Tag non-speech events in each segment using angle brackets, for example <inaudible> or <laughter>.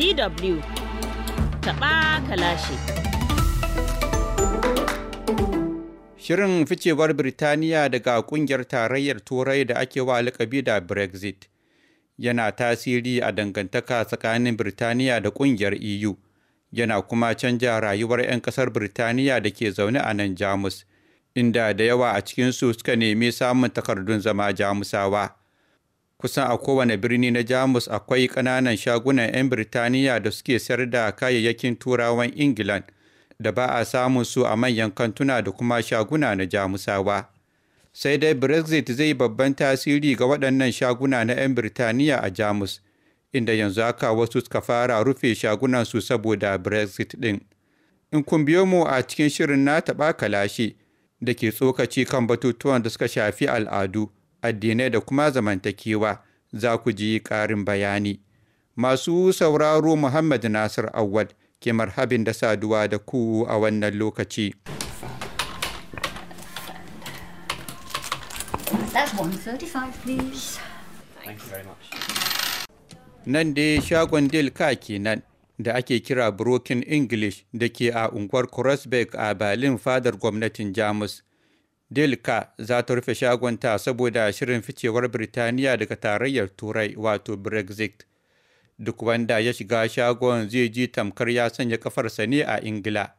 DW taɓa kalashe. Shirin ficewar Birtaniya daga ƙungiyar tarayyar Turai da ake wa alƙabi da Brexit yana tasiri a dangantaka tsakanin Birtaniya da ƙungiyar EU, yana kuma canja rayuwar 'yan ƙasar Birtaniya da ke zaune a nan Jamus, inda da yawa a cikinsu suka nemi samun takardun zama Jamusawa. kusan a kowane birni na jamus akwai ƙananan shagunan 'yan birtaniya da suke sayar da kayayyakin turawan ingilan da ba a samun su a manyan kantuna da kuma shaguna na jamusawa sai dai brexit zai babban tasiri ga waɗannan shaguna na 'yan birtaniya a jamus inda yanzu haka wasu suka fara rufe shagunansu saboda brexit ɗin in kun biyo mu a cikin shirin na taɓa kalashi da ke tsokaci kan batutuwan da suka shafi al'adu addinai da kuma zamantakewa za ku ji ƙarin bayani. Masu sauraro Muhammad Nasir Awad ke marhabin da saduwa da ku a wannan lokaci. Nan dai shagon ka kenan da ake kira Broken English da ke a unguwar Kreuzberg a Berlin fadar gwamnatin Jamus. delka za ta rufe shagonta saboda shirin ficewar birtaniya daga tarayyar turai wato brexit duk wanda ya shiga shagon zai ji tamkar ya sanya kafarsa ne a ingila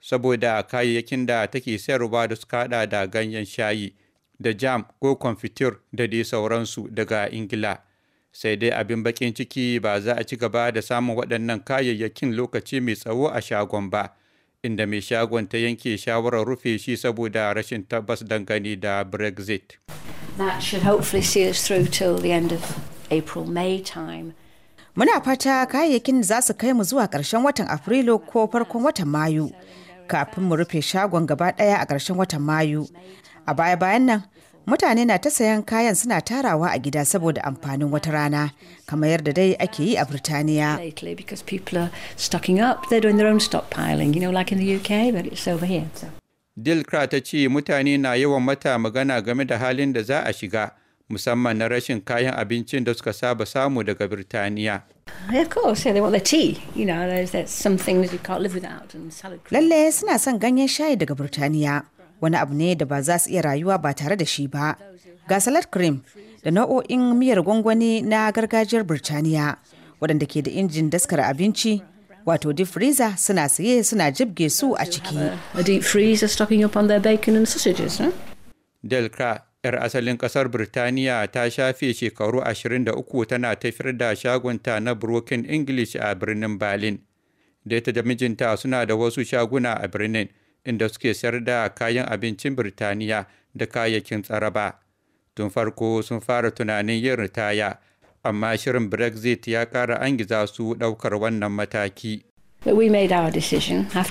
saboda kayayyakin da take sayarwa da suka hada da ganyen shayi da jam ko kwamfitir da dai sauransu daga ingila sai dai abin bakin ciki ba za a ci gaba da samun waɗannan kayayyakin lokaci mai tsawo a shagon ba inda mai shagon ta yanke shawarar rufe shi saboda rashin tabbas dangane da brexit muna fata kayayyakin za su kai mu zuwa ƙarshen watan afrilu ko farkon watan mayu kafin mu rufe shagon gaba ɗaya a ƙarshen watan mayu a baya-bayan nan mutane na ta sayan kayan suna tarawa a gida saboda amfanin wata rana kamar yadda dai ake yi a Birtaniya. Dilkra ta ce mutane na yawan mata magana game da halin da za a shiga musamman na rashin kayan abincin da suka saba samu daga Birtaniya. lallai suna son ganyen shayi daga Birtaniya. wani abu ne da ba za su iya rayuwa ba tare da shi ba ga salad cream da nau'o'in miyar gwangwani na gargajiyar birtaniya waɗanda ke da injin daskar abinci wato deep freezer suna saye suna jibge su a ciki delcra yar asalin kasar birtaniya ta shafe shekaru 23 tana tafiyar da shagunta na broken english a birnin berlin da ta da mijinta suna da wasu shaguna a birnin inda suke sayar da kayan abincin Birtaniya da kayayyakin tsaraba. Tun farko sun fara tunanin yin ritaya, amma shirin Brexit ya ƙara an giza su ɗaukar wannan mataki. bayan made our decision uh,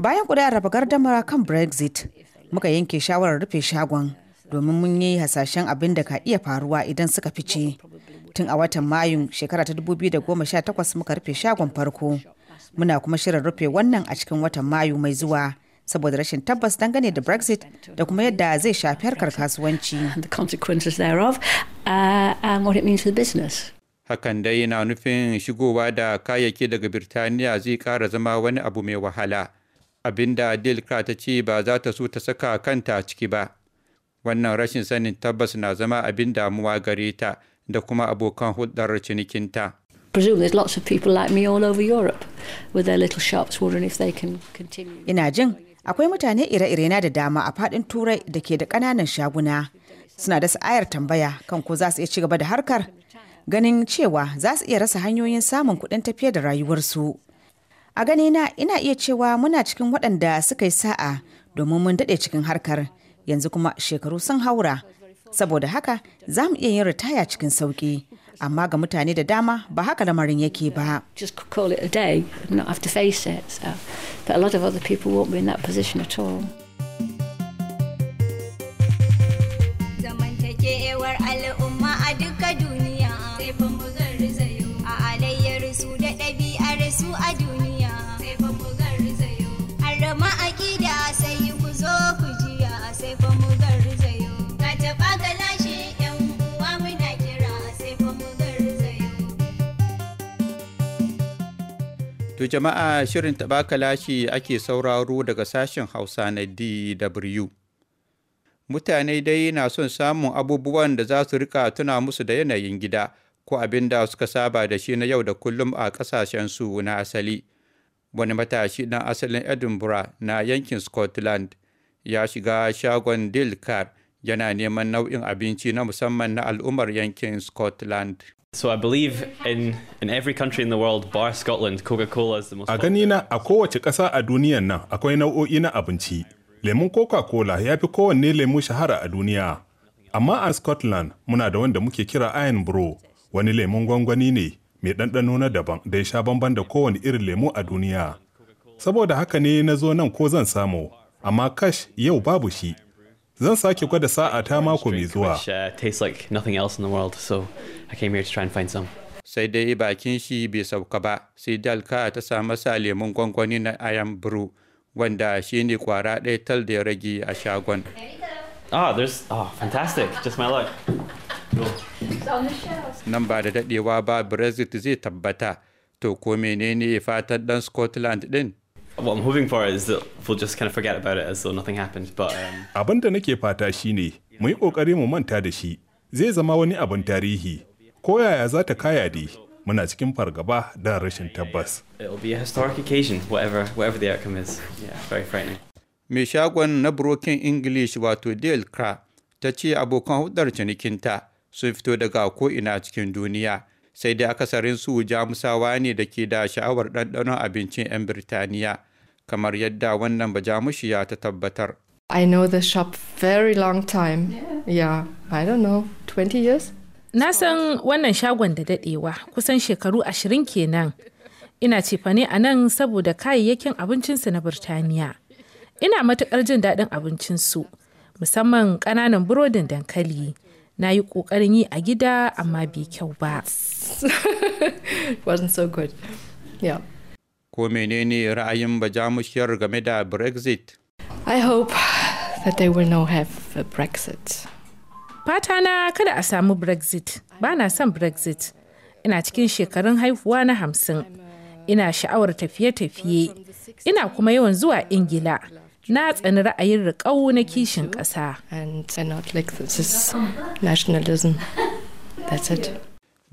Bayan ƙuri'ar raba kan Brexit, muka yanke shawarar rufe shagon domin mun yi hasashen abin da ka iya faruwa idan suka fice. Tun a watan Mayun shekara ta 2018 muka rufe shagon farko. muna kuma shirin rufe wannan a cikin watan mayu mai zuwa saboda rashin tabbas dangane da brexit da kuma yadda zai shafi harkar kasuwanci <laughs> uh, hakan dai yana nufin shigowa da kayayyaki daga birtaniya zai kara zama wani abu mai wahala abinda dilka ta ce ba za ta so ta saka kanta ciki ba wannan rashin sanin tabbas na zama abin damuwa gare ta da kuma abokan hulɗar cinikinta presume there's lots of people like me all over Europe with their little shops wondering if they can continue. Ina jin akwai mutane ire-ire na da dama a fadin Turai da ke da kananan shaguna. Suna da sa'ayar tambaya kan ko za su iya ci da harkar ganin cewa za su iya rasa hanyoyin samun kuɗin tafiya da rayuwarsu. A gani na ina iya cewa muna cikin waɗanda suka yi sa'a domin mun daɗe cikin harkar yanzu kuma shekaru sun haura. Saboda haka za mu iya yin ritaya cikin sauƙi. amma ga mutane da dama ba haka lamarin yake ba a lot of other people won't be in that position at all. To jama'a shirin taɓaka lashi ake sauraro daga sashen Hausa na DW. Mutane dai na son samun abubuwan da za su rika tuna musu da yanayin gida ko abin da suka saba da shi na yau da kullum a su na asali. Wani matashi na asalin Edinburgh na yankin Scotland ya shiga shagon Dilkar yana neman nau'in abinci na musamman na al'ummar yankin Scotland. So I believe in, in every country in the world bar Scotland Coca-Cola is the most A gani a kowace ƙasa a duniyan nan akwai nau'o'i na abinci. Lemun Coca-Cola ya fi kowanne lemu shahara a duniya. Amma a Scotland muna da wanda muke kira Iron Bro, wani lemun gwangwani ne mai ɗanɗano na daban da ya sha bamban da kowane irin lemu a duniya. Saboda haka ne na zo nan ko zan samu, amma kash yau babu shi. Zan sake gwada sa'a ta mako mai zuwa. Uh, sai dai bakin shi bai sauka ba, sai dalka ta sa lemun gwangwani na ayan buru wanda shi ne kwara ɗaya tal da ya rage a shagon. Ah, there's oh, fantastic. Just my luck. Nan ba da daɗewa ba Brexit zai tabbata. To ko menene fatan ɗan Scotland ɗin? what I'm hoping for is that we'll just kind of forget about it as though nothing happened. But um... abin da nake fata shine mu yi kokari mu manta da shi. Zai zama wani abin tarihi. Ko yaya za ta kaya dai? Muna cikin fargaba da rashin tabbas. It'll be a historic occasion, whatever, whatever the outcome is. Yeah, very frightening. Mai shagon na broken English wato Dale Cra ta ce abokan hudar cinikinta sun fito daga ko'ina cikin duniya. Sai dai akasarin su jamusawa ne da ke da sha'awar ɗanɗanon abincin 'yan Birtaniya. kamar yadda wannan ya ta tabbatar. I know the shop very long time. Yeah, I don't know, 20 years? Na san wannan shagon da dadewa kusan shekaru ashirin kenan. Ina cefane a nan saboda kayayyakin abincinsu na Birtaniya. Ina matuƙar jin daɗin abincinsu, musamman ƙananan burodin dankali. Na yi ƙoƙarin yi a gida amma bai kyau ba. <laughs> ko menene ra'ayin bajamushiyar game da brexit i hope that they will not have a brexit fata na kada a samu brexit ba na son brexit ina cikin shekarun haihuwa na hamsin ina sha'awar tafiye-tafiye ina kuma yawan zuwa ingila na tsani ra'ayin riƙau na kishin ƙasa. And not like this nationalism, that's it.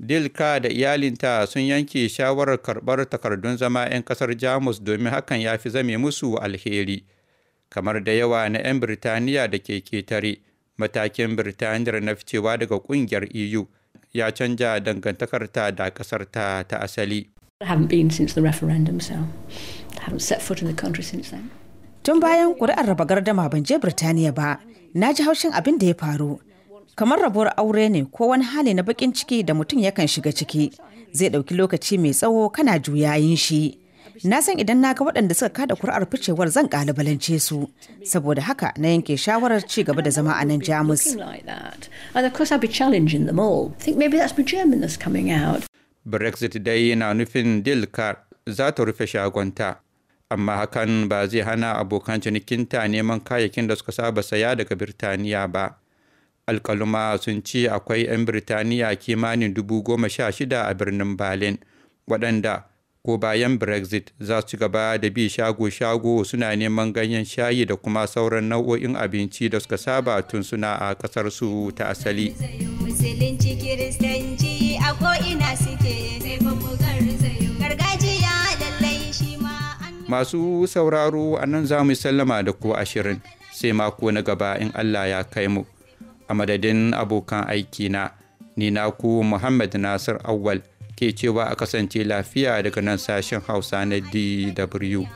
Dilka da iyalinta sun yanke shawarar karɓar takardun zama 'yan ƙasar Jamus domin hakan ya fi zame musu alheri. Kamar da yawa na 'yan Birtaniya da ke ketare, matakin Birtaniyar na ficewa daga ƙungiyar EU ya canja dangantakarta da ƙasarta ta asali. Tun bayan ƙuri'ar raba gardama ban je Birtaniya ba, na ji haushin abin da ya faru. kamar rabuwar aure ne ko wani hali na bakin ciki da mutum yakan shiga ciki zai ɗauki lokaci mai tsawo kana juyayin shi na san idan na ga waɗanda suka kada kuri'ar ficewar zan ƙalubalance su saboda haka na yanke shawarar ci gaba da zama a nan jamus brexit dai yana nufin dilkar za ta rufe shagonta amma hakan ba zai hana abokan cinikinta neman kayayyakin da suka saba saya daga birtaniya ba alkaluma sun ce akwai 'yan birtaniya kimanin dubu goma sha shida a birnin berlin waɗanda ko bayan brexit za su gaba da bi shago-shago suna neman ganyen shayi da kuma sauran nau'o'in abinci da suka saba tun suna a ƙasar su ta asali masu sauraro a nan za mu sallama da ku ashirin sai mako na gaba in allah ya kai mu a madadin abokan aikina ni ku muhammad nasir awwal ke cewa a kasance lafiya daga nan sashen hausa na dw